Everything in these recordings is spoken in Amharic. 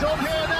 Job here now.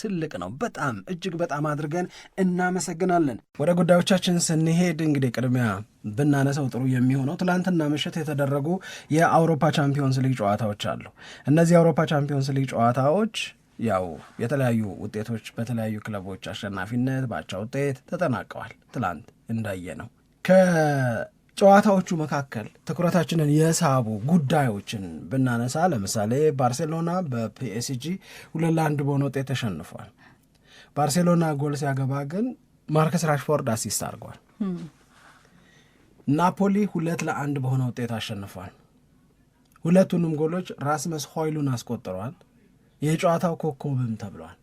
ትልቅ ነው። በጣም እጅግ በጣም አድርገን እናመሰግናለን። ወደ ጉዳዮቻችን ስንሄድ እንግዲህ ቅድሚያ ብናነሰው ጥሩ የሚሆነው ትላንትና ምሽት የተደረጉ የአውሮፓ ቻምፒዮንስ ሊግ ጨዋታዎች አሉ። እነዚህ የአውሮፓ ቻምፒዮንስ ሊግ ጨዋታዎች ያው የተለያዩ ውጤቶች በተለያዩ ክለቦች አሸናፊነት በአቻ ውጤት ተጠናቀዋል። ትላንት እንዳየ ነው ከ ጨዋታዎቹ መካከል ትኩረታችንን የሳቡ ጉዳዮችን ብናነሳ ለምሳሌ ባርሴሎና በፒኤስጂ ሁለት ለአንድ በሆነ ውጤት ተሸንፏል። ባርሴሎና ጎል ሲያገባ ግን ማርከስ ራሽፎርድ አሲስት አድርጓል። ናፖሊ ሁለት ለአንድ በሆነ ውጤት አሸንፏል። ሁለቱንም ጎሎች ራስመስ ሆይሉን አስቆጥሯል። የጨዋታው ኮከብም ተብሏል።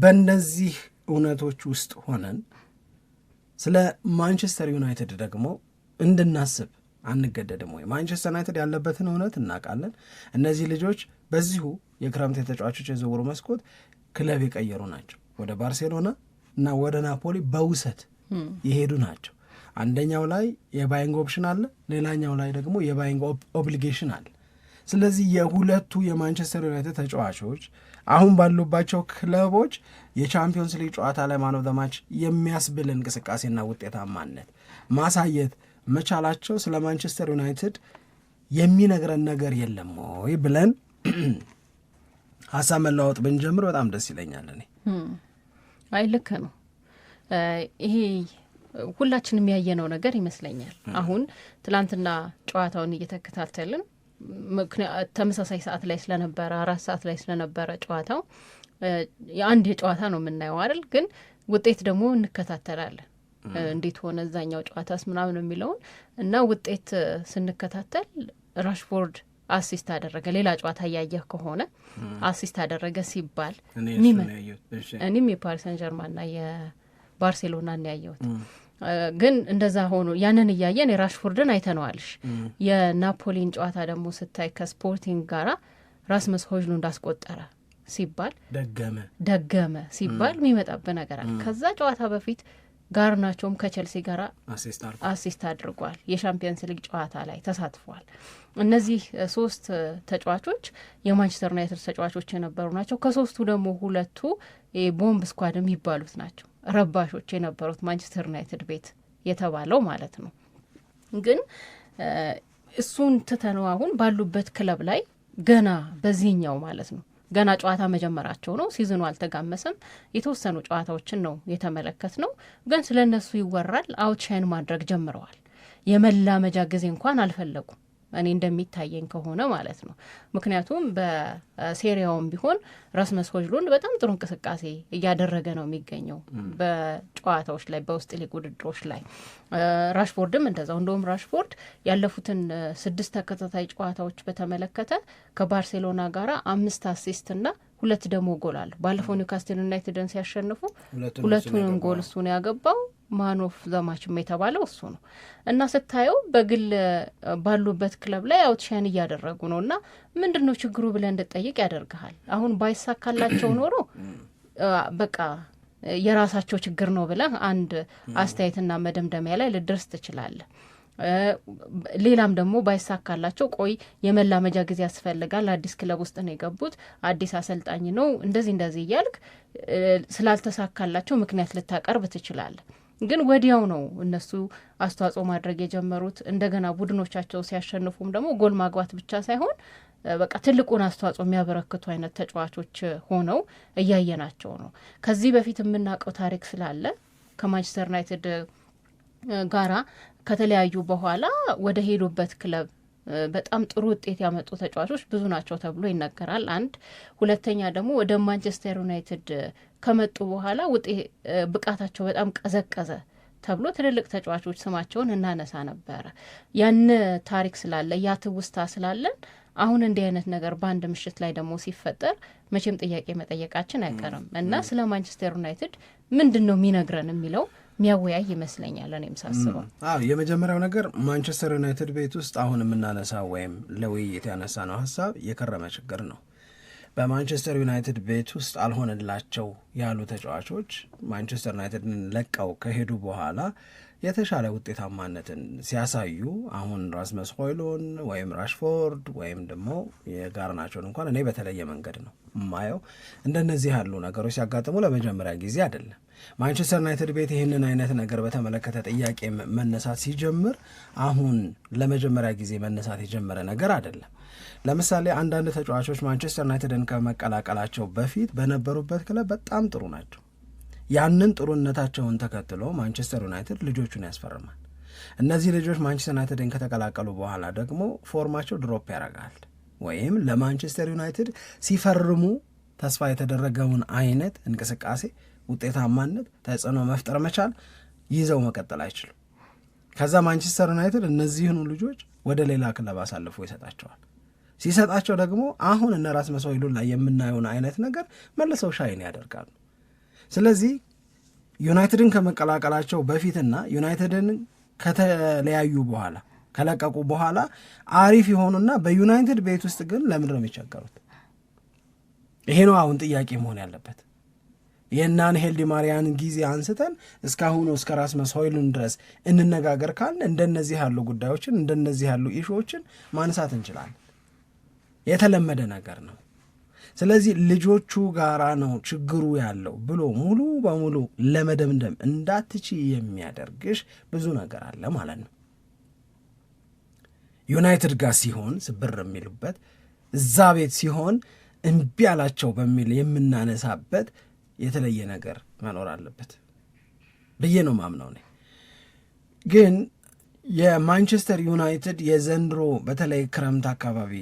በእነዚህ እውነቶች ውስጥ ሆነን ስለ ማንቸስተር ዩናይትድ ደግሞ እንድናስብ አንገደድም ወይ? ማንቸስተር ዩናይትድ ያለበትን እውነት እናውቃለን። እነዚህ ልጆች በዚሁ የክረምት የተጫዋቾች የዝውውሩ መስኮት ክለብ የቀየሩ ናቸው። ወደ ባርሴሎና እና ወደ ናፖሊ በውሰት የሄዱ ናቸው። አንደኛው ላይ የባይንግ ኦፕሽን አለ፣ ሌላኛው ላይ ደግሞ የባይንግ ኦብሊጌሽን አለ። ስለዚህ የሁለቱ የማንቸስተር ዩናይትድ ተጫዋቾች አሁን ባሉባቸው ክለቦች የቻምፒዮንስ ሊግ ጨዋታ ላይ ማን ኦፍ ዘ ማች የሚያስብል እንቅስቃሴና ውጤታማነት ማሳየት መቻላቸው ስለ ማንቸስተር ዩናይትድ የሚነግረን ነገር የለም ወይ ብለን ሀሳብ መለዋወጥ ብንጀምር በጣም ደስ ይለኛል። እኔ አይ ልክ ነው። ይሄ ሁላችንም ያየነው ነገር ይመስለኛል። አሁን ትላንትና ጨዋታውን እየተከታተልን ተመሳሳይ ሰዓት ላይ ስለነበረ አራት ሰዓት ላይ ስለነበረ ጨዋታው የአንድ የጨዋታ ነው የምናየው አይደል? ግን ውጤት ደግሞ እንከታተላለን እንዴት ሆነ እዛኛው ጨዋታስ ምናምን የሚለውን እና ውጤት ስንከታተል ራሽፎርድ አሲስት አደረገ። ሌላ ጨዋታ እያየህ ከሆነ አሲስት አደረገ ሲባል እኔም የፓሪሰን ሰን ጀርማንና የባርሴሎና ያየሁት ግን እንደዛ ሆኖ ያንን እያየን የራሽፎርድን አይተነዋልሽ። የናፖሊን ጨዋታ ደግሞ ስታይ ከስፖርቲንግ ጋራ ራስመስ ሆይሉንድ እንዳስቆጠረ ሲባል ደገመ ደገመ ሲባል የሚመጣብህ ነገር አለ። ከዛ ጨዋታ በፊት ጋርናቸውም ከቸልሲ ጋር አሲስት አድርጓል። የሻምፒየንስ ሊግ ጨዋታ ላይ ተሳትፏል። እነዚህ ሶስት ተጫዋቾች የማንቸስተር ዩናይትድ ተጫዋቾች የነበሩ ናቸው። ከሶስቱ ደግሞ ሁለቱ ቦምብ ስኳድ የሚባሉት ናቸው። ረባሾች የነበሩት ማንቸስተር ዩናይትድ ቤት የተባለው ማለት ነው። ግን እሱን ትተነው አሁን ባሉበት ክለብ ላይ ገና በዚህኛው ማለት ነው ገና ጨዋታ መጀመራቸው ነው። ሲዝኑ አልተጋመሰም። የተወሰኑ ጨዋታዎችን ነው የተመለከት ነው። ግን ስለ እነሱ ይወራል። አውትሻይን ማድረግ ጀምረዋል። የመላመጃ ጊዜ እንኳን አልፈለጉም። እኔ እንደሚታየኝ ከሆነ ማለት ነው። ምክንያቱም በሴሪያውም ቢሆን ራስመስ ሆይሉንድ በጣም ጥሩ እንቅስቃሴ እያደረገ ነው የሚገኘው በጨዋታዎች ላይ በውስጥ ሊግ ውድድሮች ላይ ራሽፎርድም እንደዛው። እንደውም ራሽፎርድ ያለፉትን ስድስት ተከታታይ ጨዋታዎች በተመለከተ ከባርሴሎና ጋር አምስት አሲስትና ሁለት ደግሞ ጎል አለ። ባለፈው ኒውካስትል ዩናይትድን ሲያሸንፉ ሁለቱንም ጎል እሱ ነው ያገባው። ማኖፍ ዘማችም የተባለው እሱ ነው እና ስታየው በግል ባሉበት ክለብ ላይ አውትሻን እያደረጉ ነው እና ምንድን ነው ችግሩ ብለህ እንድጠይቅ ያደርግሃል። አሁን ባይሳካላቸው ኖሮ በቃ የራሳቸው ችግር ነው ብለህ አንድ አስተያየትና መደምደሚያ ላይ ልደርስ ትችላለህ። ሌላም ደግሞ ባይሳካላቸው ቆይ የመላመጃ ጊዜ ያስፈልጋል፣ አዲስ ክለብ ውስጥ ነው የገቡት፣ አዲስ አሰልጣኝ ነው፣ እንደዚህ እንደዚህ እያልክ ስላልተሳካላቸው ምክንያት ልታቀርብ ትችላለህ። ግን ወዲያው ነው እነሱ አስተዋጽኦ ማድረግ የጀመሩት። እንደገና ቡድኖቻቸው ሲያሸንፉም ደግሞ ጎል ማግባት ብቻ ሳይሆን በቃ ትልቁን አስተዋጽኦ የሚያበረክቱ አይነት ተጫዋቾች ሆነው እያየናቸው ነው። ከዚህ በፊት የምናውቀው ታሪክ ስላለ ከማንቸስተር ዩናይትድ ጋራ ከተለያዩ በኋላ ወደ ሄዱበት ክለብ በጣም ጥሩ ውጤት ያመጡ ተጫዋቾች ብዙ ናቸው ተብሎ ይነገራል። አንድ ሁለተኛ ደግሞ ወደ ማንቸስተር ዩናይትድ ከመጡ በኋላ ውጤ ብቃታቸው በጣም ቀዘቀዘ ተብሎ ትልልቅ ተጫዋቾች ስማቸውን እናነሳ ነበረ። ያን ታሪክ ስላለ ያ ትውስታ ስላለን አሁን እንዲህ አይነት ነገር በአንድ ምሽት ላይ ደግሞ ሲፈጠር መቼም ጥያቄ መጠየቃችን አይቀርም እና ስለ ማንቸስተር ዩናይትድ ምንድን ነው የሚነግረን የሚለው የሚያወያይ ይመስለኛል። እኔም ሳስበው የመጀመሪያው ነገር ማንቸስተር ዩናይትድ ቤት ውስጥ አሁን የምናነሳ ወይም ለውይይት ያነሳ ነው ሀሳብ የከረመ ችግር ነው። በማንቸስተር ዩናይትድ ቤት ውስጥ አልሆነላቸው ያሉ ተጫዋቾች ማንቸስተር ዩናይትድን ለቀው ከሄዱ በኋላ የተሻለ ውጤታማነትን ሲያሳዩ አሁን ራስመስ ሆይሎን ወይም ራሽፎርድ ወይም ደግሞ የጋርናቸውን እንኳን እኔ በተለየ መንገድ ነው ማየው። እንደነዚህ ያሉ ነገሮች ሲያጋጥሙ ለመጀመሪያ ጊዜ አይደለም። ማንቸስተር ዩናይትድ ቤት ይህንን አይነት ነገር በተመለከተ ጥያቄ መነሳት ሲጀምር አሁን ለመጀመሪያ ጊዜ መነሳት የጀመረ ነገር አይደለም። ለምሳሌ አንዳንድ ተጫዋቾች ማንቸስተር ዩናይትድን ከመቀላቀላቸው በፊት በነበሩበት ክለብ በጣም ጥሩ ናቸው። ያንን ጥሩነታቸውን ተከትሎ ማንቸስተር ዩናይትድ ልጆቹን ያስፈርማል። እነዚህ ልጆች ማንቸስተር ዩናይትድን ከተቀላቀሉ በኋላ ደግሞ ፎርማቸው ድሮፕ ያደርጋል ወይም ለማንቸስተር ዩናይትድ ሲፈርሙ ተስፋ የተደረገውን አይነት እንቅስቃሴ ውጤታማነት፣ ተጽዕኖ መፍጠር መቻል ይዘው መቀጠል አይችሉም። ከዛ ማንቸስተር ዩናይትድ እነዚህኑ ልጆች ወደ ሌላ ክለብ አሳልፎ ይሰጣቸዋል። ሲሰጣቸው ደግሞ አሁን እነ ራስመስ ሆይሉንድ ላይ የምናየውን አይነት ነገር መልሰው ሻይን ያደርጋሉ። ስለዚህ ዩናይትድን ከመቀላቀላቸው በፊትና ዩናይትድን ከተለያዩ በኋላ ከለቀቁ በኋላ አሪፍ የሆኑና በዩናይትድ ቤት ውስጥ ግን ለምንድን ነው የሚቸገሩት? ይሄ ነው አሁን ጥያቄ መሆን ያለበት። የእናን ሄልዲ ማርያን ጊዜ አንስተን እስካሁኑ እስከ ራስመስ ሆይሉንድ ድረስ እንነጋገር ካልን እንደነዚህ ያሉ ጉዳዮችን እንደነዚህ ያሉ ኢሹዎችን ማንሳት እንችላለን። የተለመደ ነገር ነው። ስለዚህ ልጆቹ ጋራ ነው ችግሩ ያለው ብሎ ሙሉ በሙሉ ለመደምደም እንዳትች የሚያደርግሽ ብዙ ነገር አለ ማለት ነው። ዩናይትድ ጋር ሲሆን ስብር የሚሉበት እዛ ቤት ሲሆን እምቢ አላቸው በሚል የምናነሳበት የተለየ ነገር መኖር አለበት ብዬ ነው ማምነው። እኔ ግን የማንቸስተር ዩናይትድ የዘንድሮ በተለይ ክረምት አካባቢ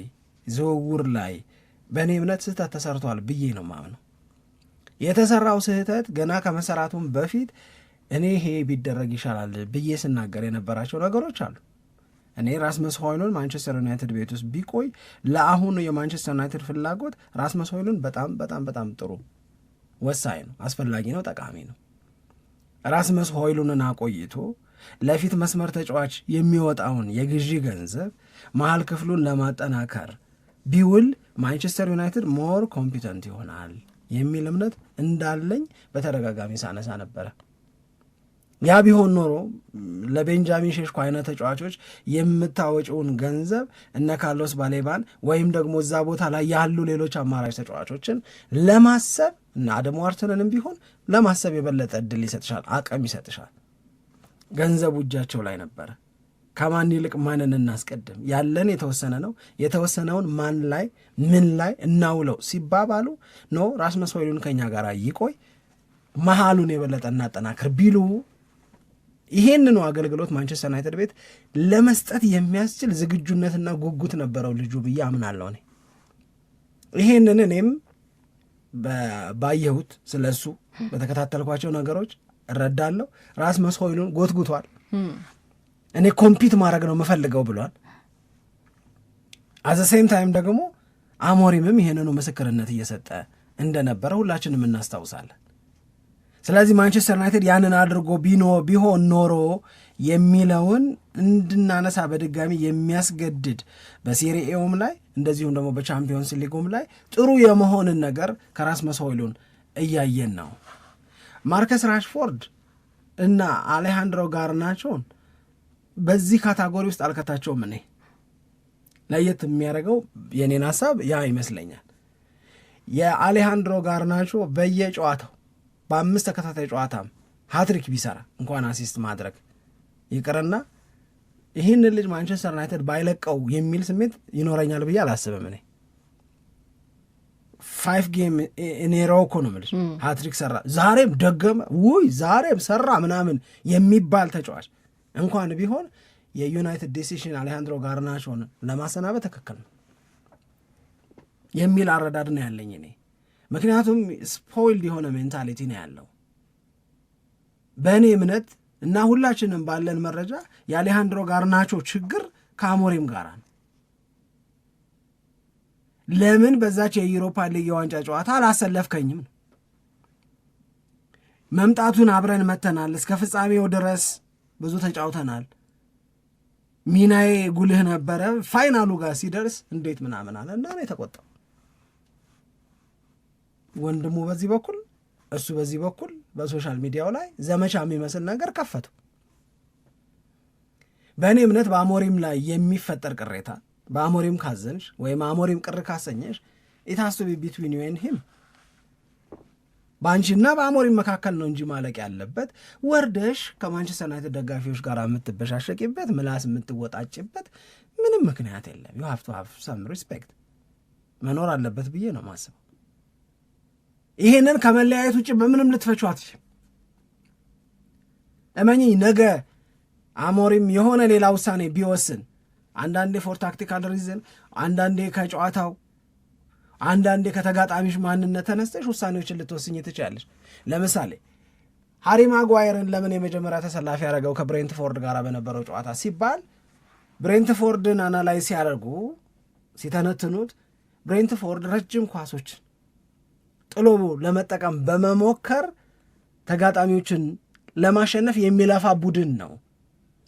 ዝውውር ላይ በእኔ እምነት ስህተት ተሰርቷል ብዬ ነው ማምነው። የተሰራው ስህተት ገና ከመሰራቱም በፊት እኔ ይሄ ቢደረግ ይሻላል ብዬ ስናገር የነበራቸው ነገሮች አሉ። እኔ ራስመስ ሆይሉንድ ማንቸስተር ዩናይትድ ቤት ውስጥ ቢቆይ ለአሁኑ የማንቸስተር ዩናይትድ ፍላጎት ራስመስ ሆይሉንድ በጣም በጣም በጣም ጥሩ ወሳኝ ነው፣ አስፈላጊ ነው፣ ጠቃሚ ነው። ራስመስ ሆይሉንን አቆይቶ ለፊት መስመር ተጫዋች የሚወጣውን የግዢ ገንዘብ መሀል ክፍሉን ለማጠናከር ቢውል ማንቸስተር ዩናይትድ ሞር ኮምፒተንት ይሆናል የሚል እምነት እንዳለኝ በተደጋጋሚ ሳነሳ ነበረ። ያ ቢሆን ኖሮ ለቤንጃሚን ሼሽኮ አይነት ተጫዋቾች የምታወጪውን ገንዘብ እነ ካርሎስ ባሌባን ወይም ደግሞ እዛ ቦታ ላይ ያሉ ሌሎች አማራጭ ተጫዋቾችን ለማሰብ እና ደግሞ አርሰናልንም ቢሆን ለማሰብ የበለጠ እድል ይሰጥሻል፣ አቅም ይሰጥሻል። ገንዘቡ እጃቸው ላይ ነበረ። ከማን ይልቅ ማንን እናስቀድም? ያለን የተወሰነ ነው። የተወሰነውን ማን ላይ ምን ላይ እናውለው ሲባባሉ ኖ ራስመስ ሆይሉንድ ከኛ ጋር ይቆይ መሃሉን የበለጠ እናጠናክር ቢሉ ይሄንኑ አገልግሎት ማንቸስተር ዩናይትድ ቤት ለመስጠት የሚያስችል ዝግጁነትና ጉጉት ነበረው ልጁ ብዬ አምናለሁ። እኔ ይሄንን እኔም ባየሁት ስለ እሱ በተከታተልኳቸው ነገሮች እረዳለሁ። ራስ መስሆይሉን ጎትጉቷል። እኔ ኮምፒት ማድረግ ነው የምፈልገው ብሏል። አዘ ሴም ታይም ደግሞ አሞሪምም ይሄንኑ ምስክርነት እየሰጠ እንደነበረ ሁላችንም እናስታውሳለን። ስለዚህ ማንቸስተር ዩናይትድ ያንን አድርጎ ቢኖ ቢሆን ኖሮ የሚለውን እንድናነሳ በድጋሚ የሚያስገድድ በሴሪኤውም ላይ እንደዚሁም ደግሞ በቻምፒዮንስ ሊጉም ላይ ጥሩ የመሆንን ነገር ከራስ መሰውሉን እያየን ነው። ማርከስ ራሽፎርድ እና አሌሃንድሮ ጋርናቾን በዚህ ካታጎሪ ውስጥ አልከታቸውም። እኔ ለየት የሚያደርገው የኔን ሀሳብ ያ ይመስለኛል። የአሌሃንድሮ ጋርናቾ በየጨዋታው በአምስት ተከታታይ ጨዋታ ሀትሪክ ቢሰራ እንኳን አሲስት ማድረግ ይቅርና ይህን ልጅ ማንቸስተር ዩናይትድ ባይለቀው የሚል ስሜት ይኖረኛል ብዬ አላስብም። እኔ ፋይፍ ጌም ኔሮ እኮ ነው የምልሽ ሀትሪክ ሰራ፣ ዛሬም ደገመ፣ ውይ ዛሬም ሰራ ምናምን የሚባል ተጫዋች እንኳን ቢሆን የዩናይትድ ዲሲሽን አሌሃንድሮ ጋርናቾን ለማሰናበት ትክክል ነው የሚል አረዳድ ነው ያለኝ እኔ። ምክንያቱም ስፖይልድ የሆነ ሜንታሊቲ ነው ያለው በእኔ እምነት እና ሁላችንም ባለን መረጃ የአሌሃንድሮ ጋርናቾ ችግር ከአሞሪም ጋር ነው። ለምን በዛች የዩሮፓ ሊግ የዋንጫ ጨዋታ አላሰለፍከኝም ነው መምጣቱን አብረን መተናል። እስከ ፍጻሜው ድረስ ብዙ ተጫውተናል። ሚናዬ ጉልህ ነበረ። ፋይናሉ ጋር ሲደርስ እንዴት ምናምን አለ እና ነው የተቆጣው። ወንድሙ በዚህ በኩል እሱ በዚህ በኩል በሶሻል ሚዲያው ላይ ዘመቻ የሚመስል ነገር ከፈቱ። በእኔ እምነት በአሞሪም ላይ የሚፈጠር ቅሬታ በአሞሪም ካዘንሽ ወይም አሞሪም ቅር ካሰኘሽ ኢታሱ ቢትዊን ዩ ሂም በአንቺና በአሞሪም መካከል ነው እንጂ ማለቅ ያለበት። ወርደሽ ከማንቸስተር ዩናይትድ ደጋፊዎች ጋር የምትበሻሸቂበት ምላስ የምትወጣጭበት ምንም ምክንያት የለም። ዩ ሃቭ ቱ ሃቭ ሰም ሪስፔክት መኖር አለበት ብዬ ነው ማስበው። ይሄንን ከመለያየት ውጭ በምንም ልትፈችው አትችልም። ነገ አሞሪም የሆነ ሌላ ውሳኔ ቢወስን አንዳንዴ ፎር ታክቲካል ሪዝን፣ አንዳንዴ ከጨዋታው፣ አንዳንዴ ከተጋጣሚሽ ማንነት ተነስተሽ ውሳኔዎችን ልትወስኝ ትችላለች። ለምሳሌ ሃሪ ማጓየርን ለምን የመጀመሪያ ተሰላፊ ያደረገው ከብሬንትፎርድ ጋር በነበረው ጨዋታ ሲባል ብሬንትፎርድን አናላይዝ ሲያደርጉ ሲተነትኑት ብሬንትፎርድ ረጅም ኳሶችን ጥሎ ለመጠቀም በመሞከር ተጋጣሚዎችን ለማሸነፍ የሚለፋ ቡድን ነው።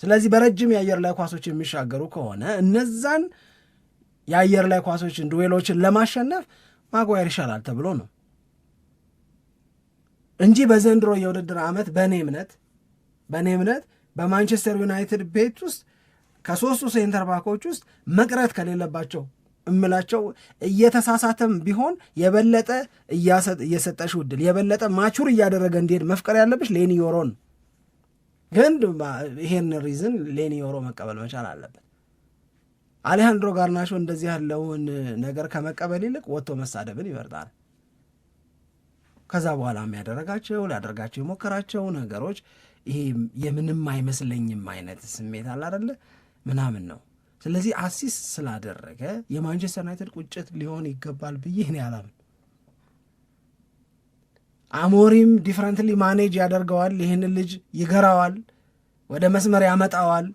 ስለዚህ በረጅም የአየር ላይ ኳሶች የሚሻገሩ ከሆነ እነዛን የአየር ላይ ኳሶችን ዱዌሎችን ለማሸነፍ ማጓየር ይሻላል ተብሎ ነው እንጂ በዘንድሮ የውድድር ዓመት በእኔ እምነት በእኔ እምነት በማንቸስተር ዩናይትድ ቤት ውስጥ ከሶስቱ ሴንተር ባኮች ውስጥ መቅረት ከሌለባቸው እምላቸው እየተሳሳተም ቢሆን የበለጠ እየሰጠሽ ውድል የበለጠ ማቹር እያደረገ እንዲሄድ መፍቀር ያለብሽ ሌኒዮሮን ግን ይሄን ሪዝን ሌኒዮሮ መቀበል መቻል አለበት። አሌሃንድሮ ጋርናሾ እንደዚህ ያለውን ነገር ከመቀበል ይልቅ ወጥቶ መሳደብን ይመርጣል። ከዛ በኋላ ያደረጋቸው ሊያደርጋቸው የሞከራቸው ነገሮች ይሄ የምንም አይመስለኝም አይነት ስሜት አላደለ ምናምን ነው። ስለዚህ አሲስ ስላደረገ የማንቸስተር ዩናይትድ ቁጭት ሊሆን ይገባል ብዬ እኔ አላምን። አሞሪም ዲፍረንትሊ ማኔጅ ያደርገዋል፣ ይህን ልጅ ይገራዋል፣ ወደ መስመር ያመጣዋል።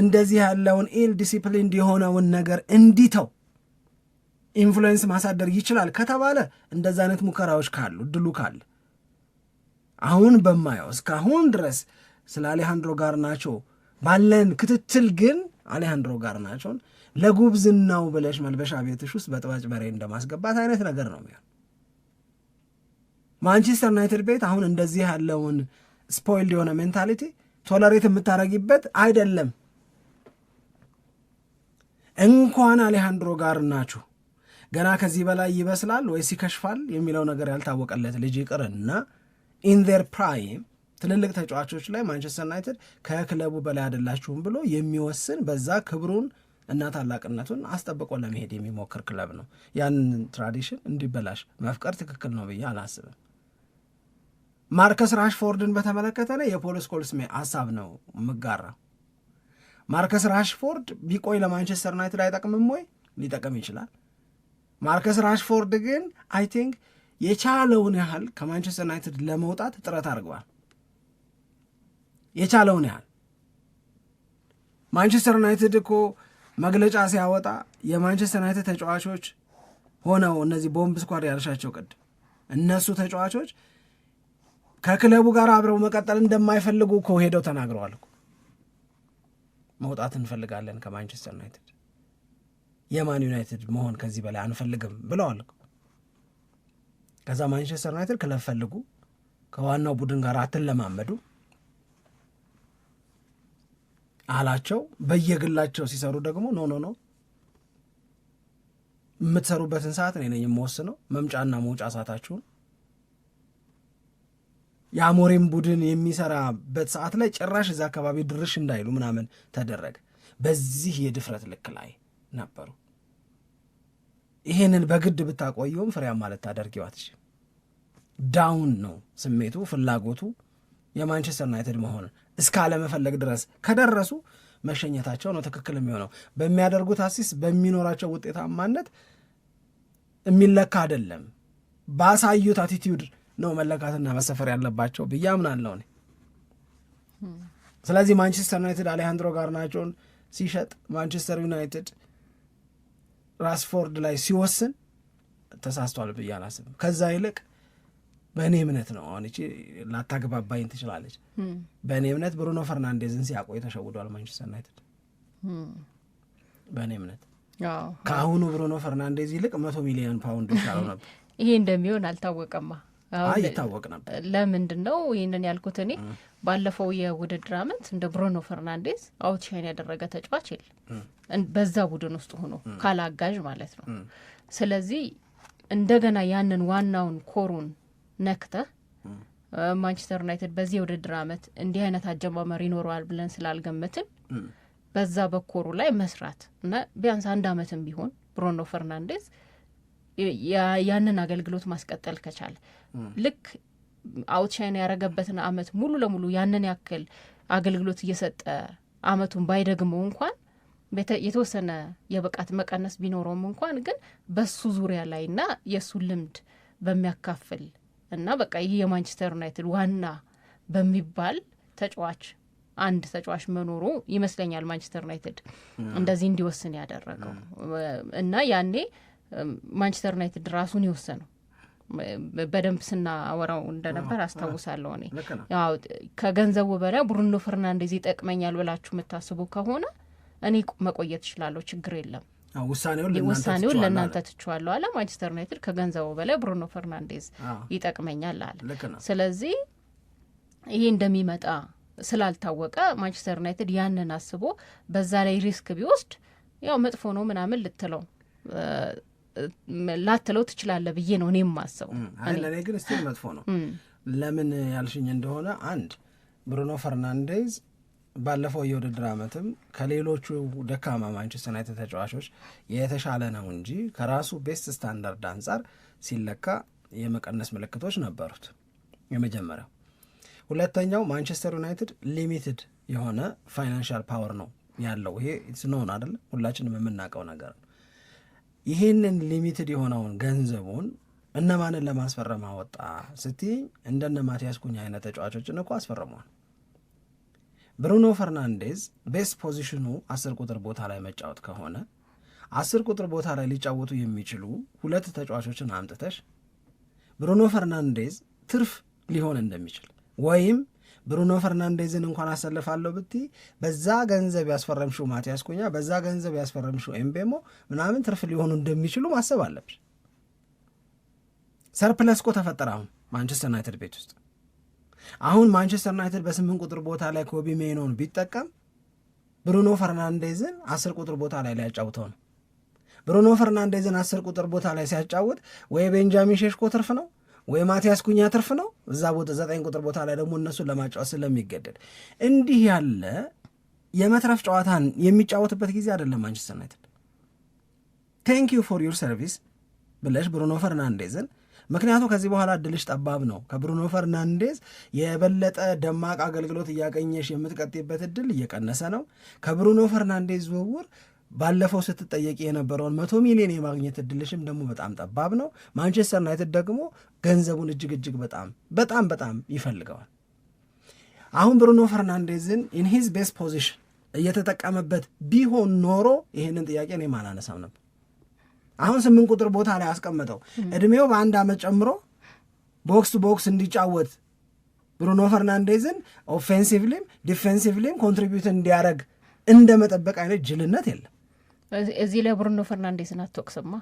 እንደዚህ ያለውን ኢል ዲሲፕሊን የሆነውን ነገር እንዲተው ኢንፍሉዌንስ ማሳደር ይችላል ከተባለ እንደዚ አይነት ሙከራዎች ካሉ ድሉ ካለ አሁን በማየው እስካሁን ድረስ ስለ አሌሃንድሮ ጋርናቾ ባለን ክትትል ግን አሌሃንድሮ ጋርናቾን ለጉብዝናው ብለሽ መልበሻ ቤትሽ ውስጥ በጥባጭ በሬ እንደማስገባት አይነት ነገር ነው የሚሆን። ማንቸስተር ዩናይትድ ቤት አሁን እንደዚህ ያለውን ስፖይልድ የሆነ ሜንታሊቲ ቶለሬት የምታደርጊበት አይደለም። እንኳን አሌሃንድሮ ጋርናቾ ገና ከዚህ በላይ ይበስላል ወይስ ይከሽፋል የሚለው ነገር ያልታወቀለት ልጅ ይቅርና ኢን ፕራይም ትልልቅ ተጫዋቾች ላይ ማንቸስተር ዩናይትድ ከክለቡ በላይ አይደላችሁም ብሎ የሚወስን በዛ ክብሩን እና ታላቅነቱን አስጠብቆ ለመሄድ የሚሞክር ክለብ ነው። ያንን ትራዲሽን እንዲበላሽ መፍቀር ትክክል ነው ብዬ አላስብም። ማርከስ ራሽፎርድን በተመለከተ ላይ የፖል ስኮልስሜ ሀሳብ ነው የምጋራ። ማርከስ ራሽፎርድ ቢቆይ ለማንቸስተር ዩናይትድ አይጠቅምም ወይ? ሊጠቅም ይችላል። ማርከስ ራሽፎርድ ግን አይ ቲንክ የቻለውን ያህል ከማንቸስተር ዩናይትድ ለመውጣት ጥረት አድርገዋል። የቻለውን ያህል ማንቸስተር ዩናይትድ እኮ መግለጫ ሲያወጣ የማንቸስተር ዩናይትድ ተጫዋቾች ሆነው እነዚህ ቦምብ ስኳድ ያልሻቸው ቅድም እነሱ ተጫዋቾች ከክለቡ ጋር አብረው መቀጠል እንደማይፈልጉ እኮ ሄደው ተናግረዋል እኮ መውጣት እንፈልጋለን ከማንቸስተር ዩናይትድ የማን ዩናይትድ መሆን ከዚህ በላይ አንፈልግም ብለዋል ከዛ ማንቸስተር ዩናይትድ ክለብ ፈልጉ ከዋናው ቡድን ጋር አትለማመዱ አላቸው። በየግላቸው ሲሰሩ ደግሞ ኖ ኖ ኖ የምትሰሩበትን ሰዓት እኔ ነኝ የምወስነው፣ መምጫና መውጫ ሰዓታችሁን የአሞሬም ቡድን የሚሰራበት ሰዓት ላይ ጭራሽ እዚ አካባቢ ድርሽ እንዳይሉ ምናምን ተደረገ። በዚህ የድፍረት ልክ ላይ ነበሩ። ይሄንን በግድ ብታቆየውም ፍሬያ ማለት ታደርጊው ዳውን ነው ስሜቱ፣ ፍላጎቱ የማንቸስተር ዩናይትድ መሆን እስካለመፈለግ ድረስ ከደረሱ መሸኘታቸው ነው ትክክል የሚሆነው። በሚያደርጉት አሲስ በሚኖራቸው ውጤታማነት የሚለካ አይደለም፣ ባሳዩት አቲቲዩድ ነው መለካትና መሰፈር ያለባቸው ብዬ አምናለሁ እኔ። ስለዚህ ማንቸስተር ዩናይትድ አሌሃንድሮ ጋርናቾን ሲሸጥ፣ ማንቸስተር ዩናይትድ ራስፎርድ ላይ ሲወስን ተሳስቷል ብዬ አላስብም። ከዛ ይልቅ በእኔ እምነት ነው። አሁን እቺ ላታግባባኝ ትችላለች። በእኔ እምነት ብሩኖ ፈርናንዴዝን ሲያቆይ ተሸውዷል ማንቸስተር ዩናይትድ። በእኔ እምነት ከአሁኑ ብሩኖ ፈርናንዴዝ ይልቅ መቶ ሚሊዮን ፓውንድ ይሻለው ነበር። ይሄ እንደሚሆን አልታወቀማ ይታወቅ ነበር። ለምንድን ነው ይህንን ያልኩት? እኔ ባለፈው የውድድር አመት እንደ ብሩኖ ፈርናንዴዝ አውትሻይን ያደረገ ተጫዋች የለም፣ በዛ ቡድን ውስጥ ሆኖ ካላጋዥ ማለት ነው። ስለዚህ እንደገና ያንን ዋናውን ኮሩን ነክተህ ማንቸስተር ዩናይትድ በዚህ የውድድር አመት እንዲህ አይነት አጀማመር ይኖረዋል ብለን ስላልገመትን በዛ በኮሩ ላይ መስራት እና ቢያንስ አንድ አመትም ቢሆን ብሩኖ ፈርናንዴዝ ያንን አገልግሎት ማስቀጠል ከቻለ ልክ አውትሻይን ያረገበትን አመት ሙሉ ለሙሉ ያንን ያክል አገልግሎት እየሰጠ አመቱን ባይደግመው እንኳን የተወሰነ የብቃት መቀነስ ቢኖረውም እንኳን ግን በሱ ዙሪያ ላይ እና የእሱ ልምድ በሚያካፍል እና በቃ ይህ የማንቸስተር ዩናይትድ ዋና በሚባል ተጫዋች አንድ ተጫዋች መኖሩ ይመስለኛል ማንቸስተር ዩናይትድ እንደዚህ እንዲወስን ያደረገው እና ያኔ ማንቸስተር ዩናይትድ ራሱን ይወሰነው በደንብ ስናወራው እንደነበር አስታውሳለሁ። እኔ ያው ከገንዘቡ በላይ ብሩኖ ፈርናንዴዝ ይጠቅመኛል ብላችሁ የምታስቡ ከሆነ እኔ መቆየት እችላለሁ፣ ችግር የለም ውሳኔውን ለእናንተ ትችዋለሁ አለ። ማንቸስተር ዩናይትድ ከገንዘቡ በላይ ብሩኖ ፈርናንዴዝ ይጠቅመኛል አለ። ስለዚህ ይሄ እንደሚመጣ ስላልታወቀ ማንቸስተር ዩናይትድ ያንን አስቦ በዛ ላይ ሪስክ ቢወስድ ያው መጥፎ ነው ምናምን ልትለው ላትለው ትችላለህ ብዬ ነው እኔም ማስበው። ለእኔ ግን ስቲል መጥፎ ነው። ለምን ያልሽኝ እንደሆነ አንድ ብሩኖ ፈርናንዴዝ ባለፈው የውድድር ዓመትም ከሌሎቹ ደካማ ማንቸስተር ዩናይትድ ተጫዋቾች የተሻለ ነው እንጂ ከራሱ ቤስት ስታንዳርድ አንጻር ሲለካ የመቀነስ ምልክቶች ነበሩት። የመጀመሪያው። ሁለተኛው ማንቸስተር ዩናይትድ ሊሚትድ የሆነ ፋይናንሻል ፓወር ነው ያለው። ይሄ ስንሆን አይደለም ሁላችንም የምናውቀው ነገር ነው። ይህንን ሊሚትድ የሆነውን ገንዘቡን እነማንን ለማስፈረም አወጣ ስትይ እንደነ ማቲያስ ኩኝ አይነት ተጫዋቾችን እኮ አስፈርመዋል። ብሩኖ ፈርናንዴዝ ቤስት ፖዚሽኑ አስር ቁጥር ቦታ ላይ መጫወት ከሆነ አስር ቁጥር ቦታ ላይ ሊጫወቱ የሚችሉ ሁለት ተጫዋቾችን አምጥተሽ ብሩኖ ፈርናንዴዝ ትርፍ ሊሆን እንደሚችል ወይም ብሩኖ ፈርናንዴዝን እንኳን አሰልፋለሁ ብቲ በዛ ገንዘብ ያስፈረምሽው ማቲያስ ኩኛ፣ በዛ ገንዘብ ያስፈረምሽው ኤምቤሞ ምናምን ትርፍ ሊሆኑ እንደሚችሉ ማሰብ አለብሽ። ሰርፕለስኮ ተፈጠረ አሁን ማንቸስተር ዩናይትድ ቤት ውስጥ አሁን ማንቸስተር ዩናይትድ በስምንት ቁጥር ቦታ ላይ ኮቢ ሜኖን ቢጠቀም ብሩኖ ፈርናንዴዝን አስር ቁጥር ቦታ ላይ ሊያጫውተው ነው። ብሩኖ ፈርናንዴዝን አስር ቁጥር ቦታ ላይ ሲያጫውት ወይ ቤንጃሚን ሼሽኮ ትርፍ ነው ወይ ማቲያስ ኩኛ ትርፍ ነው። እዛ ቦታ ዘጠኝ ቁጥር ቦታ ላይ ደግሞ እነሱን ለማጫወት ስለሚገደድ እንዲህ ያለ የመትረፍ ጨዋታን የሚጫወትበት ጊዜ አይደለም። ማንቸስተር ዩናይትድ ቴንክ ዩ ፎር ዩር ሰርቪስ ብለሽ ብሩኖ ፈርናንዴዝን ምክንያቱም ከዚህ በኋላ እድልሽ ጠባብ ነው። ከብሩኖ ፈርናንዴዝ የበለጠ ደማቅ አገልግሎት እያገኘሽ የምትቀጥበት እድል እየቀነሰ ነው። ከብሩኖ ፈርናንዴዝ ዝውውር ባለፈው ስትጠየቂ የነበረውን መቶ ሚሊዮን የማግኘት እድልሽም ደግሞ በጣም ጠባብ ነው። ማንቸስተር ዩናይትድ ደግሞ ገንዘቡን እጅግ እጅግ በጣም በጣም በጣም ይፈልገዋል። አሁን ብሩኖ ፈርናንዴዝን ኢን ሂዝ ቤስት ፖዚሽን እየተጠቀመበት ቢሆን ኖሮ ይህንን ጥያቄ እኔም አላነሳም ነበር። አሁን ስምንት ቁጥር ቦታ ላይ አስቀምጠው እድሜው በአንድ ዓመት ጨምሮ ቦክስ ቦክስ እንዲጫወት ብሩኖ ፈርናንዴዝን ኦፌንሲቭሊም ዲፌንሲቭሊም ኮንትሪቢዩት እንዲያደረግ እንደ መጠበቅ አይነት ጅልነት የለም። እዚህ ላይ ብሩኖ ፈርናንዴዝን አትወቅስማ።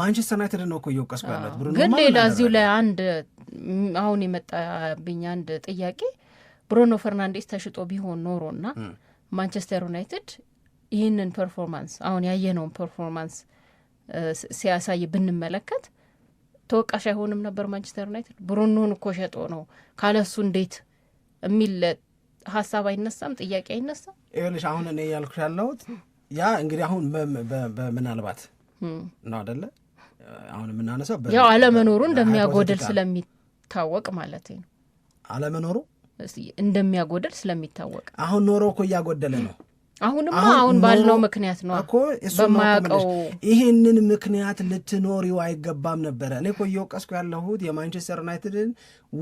ማንቸስተር ዩናይትድ ነው እኮ እየወቀስኩ ያለት። ግን ሌላ እዚሁ ላይ አንድ አሁን የመጣብኝ አንድ ጥያቄ ብሩኖ ፈርናንዴስ ተሽጦ ቢሆን ኖሮና ማንቸስተር ዩናይትድ ይህንን ፐርፎርማንስ አሁን ያየነውን ፐርፎርማንስ ሲያሳይ ብንመለከት ተወቃሽ አይሆንም ነበር ማንቸስተር ዩናይትድ። ብሩኖን እኮ ሸጦ ነው ካለሱ እንዴት የሚል ሀሳብ አይነሳም፣ ጥያቄ አይነሳም። ይኸውልሽ አሁን እኔ ያልኩሽ ያለሁት ያ እንግዲህ አሁን በምናልባት ነው አደለ አሁን የምናነሳው ያው አለመኖሩ እንደሚያጎደል ስለሚታወቅ ማለት ነው አለመኖሩ እንደሚያጎደል ስለሚታወቅ አሁን ኖሮ እኮ እያጎደለ ነው አሁንማ አሁን ባልነው ምክንያት ነው እኮ በማያውቀው ይህንን ምክንያት ልትኖሪው አይገባም ነበረ። እኔ እኮ እየወቀስኩ ያለሁት የማንቸስተር ዩናይትድን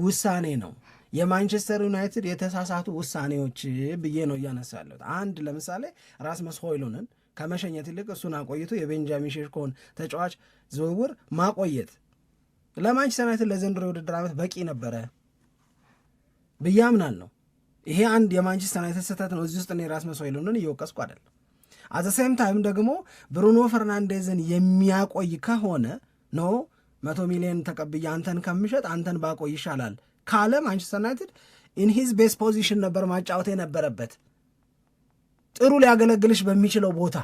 ውሳኔ ነው። የማንቸስተር ዩናይትድ የተሳሳቱ ውሳኔዎች ብዬ ነው እያነሳለሁት። አንድ ለምሳሌ ራስመስ ሆይሉንን ከመሸኘት ይልቅ እሱን አቆይቶ የቤንጃሚን ሼሽኮን ተጫዋች ዝውውር ማቆየት ለማንቸስተር ዩናይትድ ለዘንድሮ የውድድር ዓመት በቂ ነበረ ብዬ አምናለሁ። ይሄ አንድ የማንቸስተር ዩናይትድ ስህተት ነው። እዚህ ውስጥ እኔ ራስ ሆይሉንድን እየወቀስኩ አይደለም። አዘ ሴም ታይም ደግሞ ብሩኖ ፈርናንዴዝን የሚያቆይ ከሆነ ኖ መቶ ሚሊዮን ተቀብዬ አንተን ከምሸጥ አንተን ባቆይ ይሻላል ካለ ማንቸስተር ዩናይትድ ሂዝ ቤስ ፖዚሽን ነበር ማጫወት የነበረበት ጥሩ ሊያገለግልሽ በሚችለው ቦታ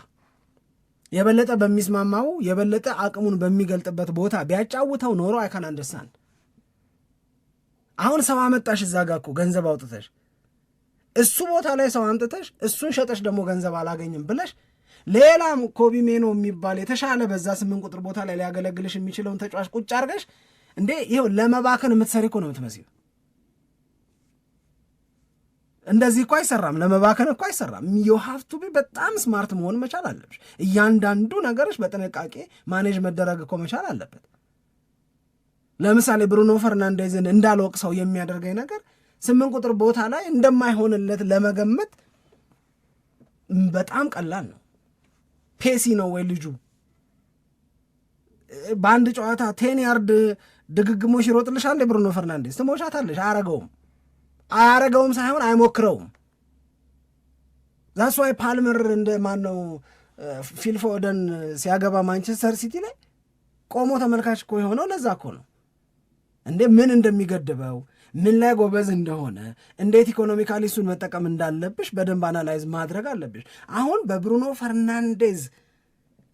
የበለጠ በሚስማማው የበለጠ አቅሙን በሚገልጥበት ቦታ ቢያጫውተው ኖሮ አይካን አንደርስታንድ አሁን ሰው አመጣሽ እዛ ጋ እኮ ገንዘብ አውጥተሽ እሱ ቦታ ላይ ሰው አምጥተሽ እሱን ሸጠሽ ደግሞ ገንዘብ አላገኝም ብለሽ ሌላም ኮቢሜኖ የሚባል የተሻለ በዛ ስምንት ቁጥር ቦታ ላይ ሊያገለግልሽ የሚችለውን ተጫዋች ቁጭ አርገሽ እንዴ ይኸው ለመባከን የምትሰሪ እኮ ነው የምትመስለው። እንደዚህ እኮ አይሰራም። ለመባከን እኮ አይሰራም። የሀፍቱ በጣም ስማርት መሆን መቻል አለብሽ። እያንዳንዱ ነገሮች በጥንቃቄ ማኔጅ መደረግ እኮ መቻል አለበት። ለምሳሌ ብሩኖ ፈርናንዴዝን እንዳልወቅ ሰው የሚያደርገኝ ነገር ስምንት ቁጥር ቦታ ላይ እንደማይሆንለት ለመገመት በጣም ቀላል ነው። ፔሲ ነው ወይ ልጁ? በአንድ ጨዋታ ቴን ያርድ ድግግሞሽ ይሮጥልሻል። ብሩኖ ፈርናንዴስ ትሞሻታለሽ። አያረገውም አያረገውም ሳይሆን አይሞክረውም። ዛስዋይ ፓልመር እንደ ማነው ፊል ፎደን ሲያገባ ማንቸስተር ሲቲ ላይ ቆሞ ተመልካች እኮ የሆነው ለዛ እኮ ነው እንዴ ምን እንደሚገድበው ምን ላይ ጎበዝ እንደሆነ፣ እንዴት ኢኮኖሚካሊ እሱን መጠቀም እንዳለብሽ በደንብ አናላይዝ ማድረግ አለብሽ። አሁን በብሩኖ ፈርናንዴዝ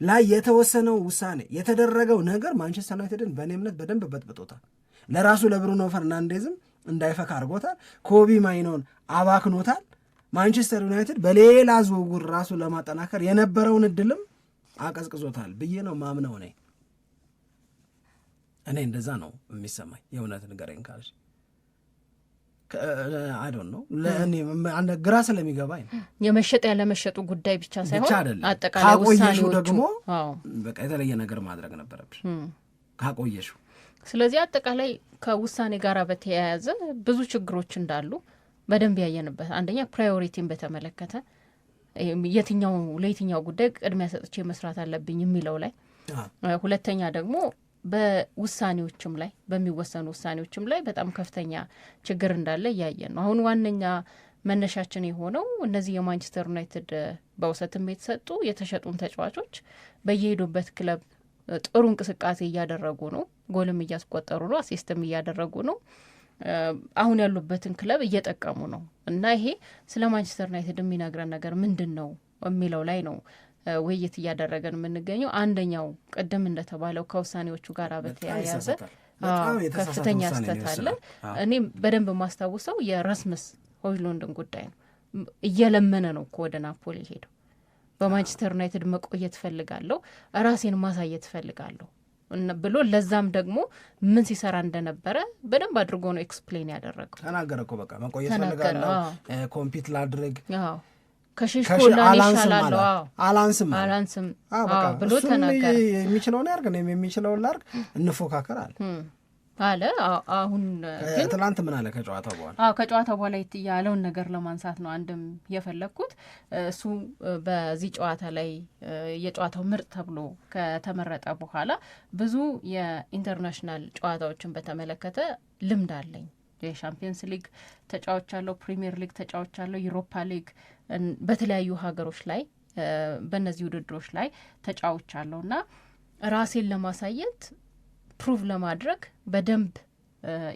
ላይ የተወሰነው ውሳኔ የተደረገው ነገር ማንቸስተር ዩናይትድን በእኔ እምነት በደንብ በጥብጦታል። ለራሱ ለብሩኖ ፈርናንዴዝም እንዳይፈካ አድርጎታል። ኮቢ ማይኖን አባክኖታል። ማንቸስተር ዩናይትድ በሌላ ዝውውር ራሱ ለማጠናከር የነበረውን እድልም አቀዝቅዞታል ብዬ ነው ማምነው። እኔ እኔ እንደዛ ነው የሚሰማኝ የእውነት ንገረኝ ካልሽ አይዶን ነው ግራ ስለሚገባኝ የመሸጥ ያለመሸጡ ጉዳይ ብቻ ሳይሆን አይደለም። ደግሞ በቃ የተለየ ነገር ማድረግ ነበረብሽ ካቆየሹ። ስለዚህ አጠቃላይ ከውሳኔ ጋር በተያያዘ ብዙ ችግሮች እንዳሉ በደንብ ያየንበት፣ አንደኛ ፕራዮሪቲን በተመለከተ የትኛው ለየትኛው ጉዳይ ቅድሚያ ሰጥቼ መስራት አለብኝ የሚለው ላይ፣ ሁለተኛ ደግሞ በውሳኔዎችም ላይ በሚወሰኑ ውሳኔዎችም ላይ በጣም ከፍተኛ ችግር እንዳለ እያየን ነው። አሁን ዋነኛ መነሻችን የሆነው እነዚህ የማንቸስተር ዩናይትድ በውሰትም የተሰጡ የተሸጡን ተጫዋቾች በየሄዱበት ክለብ ጥሩ እንቅስቃሴ እያደረጉ ነው። ጎልም እያስቆጠሩ ነው። አሲስትም እያደረጉ ነው። አሁን ያሉበትን ክለብ እየጠቀሙ ነው እና ይሄ ስለ ማንቸስተር ዩናይትድ የሚነግረን ነገር ምንድን ነው የሚለው ላይ ነው ውይይት እያደረገን የምንገኘው። አንደኛው ቅድም እንደተባለው ከውሳኔዎቹ ጋር በተያያዘ ከፍተኛ ስህተት አለ። እኔም በደንብ የማስታውሰው የራስመስ ሆይሉንድን ጉዳይ ነው። እየለመነ ነው እኮ ወደ ናፖሊ ሄደው በማንቸስተር ዩናይትድ መቆየት እፈልጋለሁ፣ ራሴን ማሳየት እፈልጋለሁ ብሎ ለዛም ደግሞ ምን ሲሰራ እንደነበረ በደንብ አድርጎ ነው ኤክስፕሌን ያደረገው። ተናገረ እኮ በቃ መቆየት ፈልጋለሁ፣ ኮምፒት ላድርግ አላንስም ብሎ ተናገረ። የሚችለውን ያርግ የሚችለውን ላርግ እንፎካከር አለ አለ አሁን ትላንት ምን አለ? ከጨዋታ በኋላ አዎ ከጨዋታ በኋላ ያለውን ነገር ለማንሳት ነው አንድም የፈለግኩት እሱ በዚህ ጨዋታ ላይ የጨዋታው ምርጥ ተብሎ ከተመረጠ በኋላ ብዙ የኢንተርናሽናል ጨዋታዎችን በተመለከተ ልምድ አለኝ የሻምፒየንስ ሊግ ተጫዋች አለው፣ ፕሪሚየር ሊግ ተጫዋች አለው፣ ዩሮፓ ሊግ በተለያዩ ሀገሮች ላይ በእነዚህ ውድድሮች ላይ ተጫውቻለሁ እና ራሴን ለማሳየት ፕሩቭ ለማድረግ በደንብ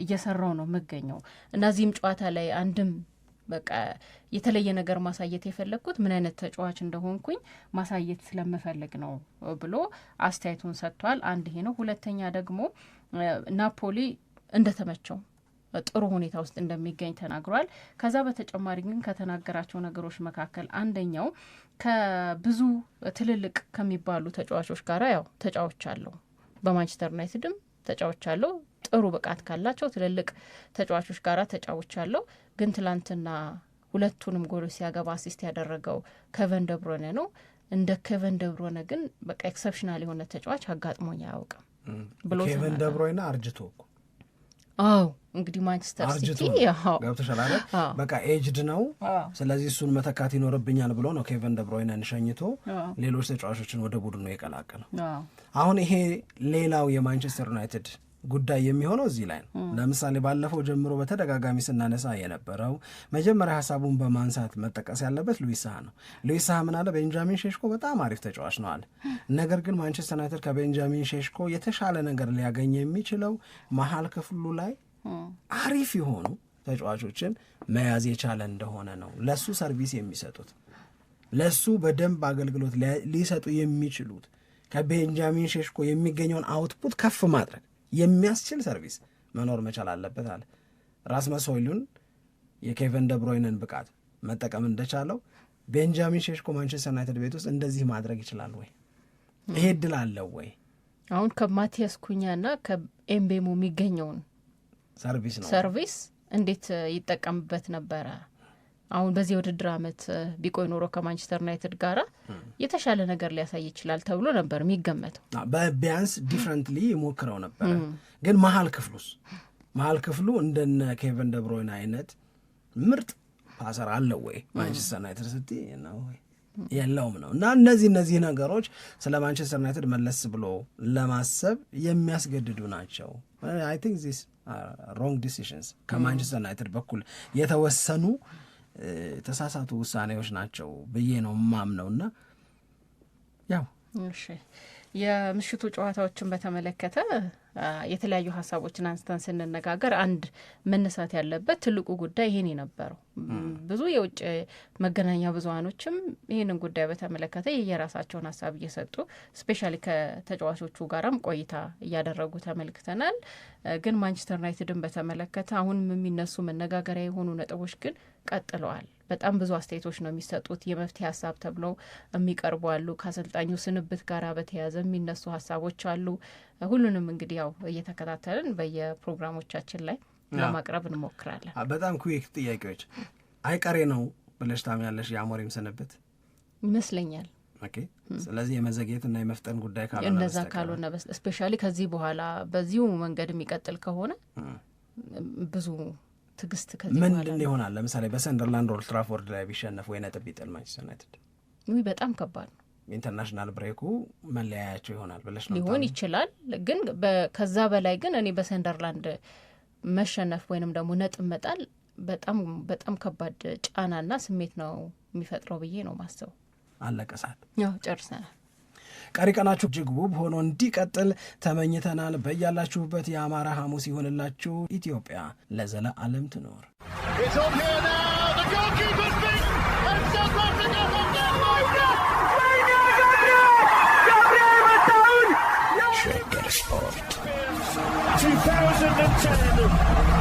እየሰራው ነው የምገኘው እና ጨዋታ ላይ አንድም በቃ የተለየ ነገር ማሳየት የፈለግኩት ምን አይነት ተጫዋች እንደሆንኩኝ ማሳየት ስለምፈልግ ነው ብሎ አስተያየቱን ሰጥቷል። አንድ ይሄ ነው። ሁለተኛ ደግሞ ናፖሊ እንደተመቸው ጥሩ ሁኔታ ውስጥ እንደሚገኝ ተናግሯል። ከዛ በተጨማሪ ግን ከተናገራቸው ነገሮች መካከል አንደኛው ከብዙ ትልልቅ ከሚባሉ ተጫዋቾች ጋራ ያው ተጫዋች አለው በማንቸስተር ዩናይትድም ተጫዋች አለው ጥሩ ብቃት ካላቸው ትልልቅ ተጫዋቾች ጋራ ተጫዋች አለው ግን ትላንትና ሁለቱንም ጎሎ ሲያገባ አሲስት ያደረገው ከቨን ደብሮነ ነው። እንደ ከቨን ደብሮነ ግን በቃ ኤክሰፕሽናል የሆነ ተጫዋች አጋጥሞኝ አያውቅም ብሎ ከቨን ደብሮይና አርጅቶ አዎ እንግዲህ ማንቸስተር ሲቲ ገብተሻል በቃ ኤጅድ ነው። ስለዚህ እሱን መተካት ይኖርብኛል ብሎ ነው ኬቨን ደብሮይነን ሸኝቶ ሌሎች ተጫዋቾችን ወደ ቡድኑ የቀላቀለው። አሁን ይሄ ሌላው የማንቸስተር ዩናይትድ ጉዳይ የሚሆነው እዚህ ላይ ነው። ለምሳሌ ባለፈው ጀምሮ በተደጋጋሚ ስናነሳ የነበረው መጀመሪያ ሀሳቡን በማንሳት መጠቀስ ያለበት ሉዊስ ሳህ ነው። ሉዊስ ሳህ ምን አለ? ቤንጃሚን ሼሽኮ በጣም አሪፍ ተጫዋች ነው አለ። ነገር ግን ማንቸስተር ዩናይትድ ከቤንጃሚን ሼሽኮ የተሻለ ነገር ሊያገኝ የሚችለው መሀል ክፍሉ ላይ አሪፍ የሆኑ ተጫዋቾችን መያዝ የቻለ እንደሆነ ነው። ለሱ ሰርቪስ የሚሰጡት ለሱ በደንብ አገልግሎት ሊሰጡ የሚችሉት ከቤንጃሚን ሼሽኮ የሚገኘውን አውትፑት ከፍ ማድረግ የሚያስችል ሰርቪስ መኖር መቻል አለበት አለ። ራስመስ ሆይሉንድ የኬቨን ደብሮይንን ብቃት መጠቀም እንደቻለው ቤንጃሚን ሼሽኮ ማንቸስተር ዩናይትድ ቤት ውስጥ እንደዚህ ማድረግ ይችላል ወይ? ይሄ እድል አለው ወይ? አሁን ከማቲያስ ኩኛና ከኤምቤሞ የሚገኘውን ሰርቪስ ነው ሰርቪስ እንዴት ይጠቀምበት ነበረ? አሁን በዚህ የውድድር ዓመት ቢቆይ ኖሮ ከማንቸስተር ዩናይትድ ጋር የተሻለ ነገር ሊያሳይ ይችላል ተብሎ ነበር የሚገመተው። በቢያንስ ዲፍረንትሊ ይሞክረው ነበር። ግን መሀል ክፍሉስ መሀል ክፍሉ እንደነ ኬቨን ደብሮይን አይነት ምርጥ ፓሰር አለው ወይ ማንቸስተር ዩናይትድ ስቲ የለውም ነው እና እነዚህ እነዚህ ነገሮች ስለ ማንቸስተር ዩናይትድ መለስ ብሎ ለማሰብ የሚያስገድዱ ናቸው። አይ ቲንክ ዚስ ሮንግ ዲሲዥንስ ከማንቸስተር ዩናይትድ በኩል የተወሰኑ የተሳሳቱ ውሳኔዎች ናቸው ብዬ ነው የማምነው እና ያው የምሽቱ ጨዋታዎችን በተመለከተ የተለያዩ ሀሳቦችን አንስተን ስንነጋገር አንድ መነሳት ያለበት ትልቁ ጉዳይ ይህን የነበረው ብዙ የውጭ መገናኛ ብዙሀኖችም ይህንን ጉዳይ በተመለከተ የየራሳቸውን ሀሳብ እየሰጡ ስፔሻሊ ከተጫዋቾቹ ጋራም ቆይታ እያደረጉ ተመልክተናል። ግን ማንቸስተር ዩናይትድን በተመለከተ አሁንም የሚነሱ መነጋገሪያ የሆኑ ነጥቦች ግን ቀጥለዋል። በጣም ብዙ አስተያየቶች ነው የሚሰጡት። የመፍትሄ ሀሳብ ተብለው የሚቀርቡ አሉ። ከአሰልጣኙ ስንብት ጋር በተያያዘ የሚነሱ ሀሳቦች አሉ። ሁሉንም እንግዲህ ያው እየተከታተልን በየፕሮግራሞቻችን ላይ ለማቅረብ እንሞክራለን። በጣም ኩዌክ ጥያቄዎች አይቀሬ ነው ብለሽ ታምኛለሽ? የአሞሪም ስንብት ይመስለኛል። ኦኬ ስለዚህ የመዘግየት እና የመፍጠን ጉዳይ ካልሆነ እንደዛ ካልሆነ እስፔሻሊ ከዚህ በኋላ በዚሁ መንገድ የሚቀጥል ከሆነ ብዙ ትግስት ምንድን ይሆናል? ለምሳሌ በሰንደርላንድ ኦልድ ትራፎርድ ላይ ቢሸነፍ ወይ ነጥብ ቢጥል ማንቸስተር ዩናይትድ በጣም ከባድ ነው። ኢንተርናሽናል ብሬኩ መለያያቸው ይሆናል ብለሽ ነው? ሊሆን ይችላል ግን ከዛ በላይ ግን እኔ በሰንደርላንድ መሸነፍ ወይንም ደግሞ ነጥብ መጣል በጣም በጣም ከባድ ጫናና ስሜት ነው የሚፈጥረው ብዬ ነው ማሰቡ። አለቀ ሰዓት ጨርሰናል። ቀሪ ቀናችሁ እጅግ ውብ ሆኖ እንዲቀጥል ተመኝተናል። በያላችሁበት የአማራ ሐሙስ ይሆንላችሁ። ኢትዮጵያ ለዘለ ዓለም ትኖር። Sport. 2010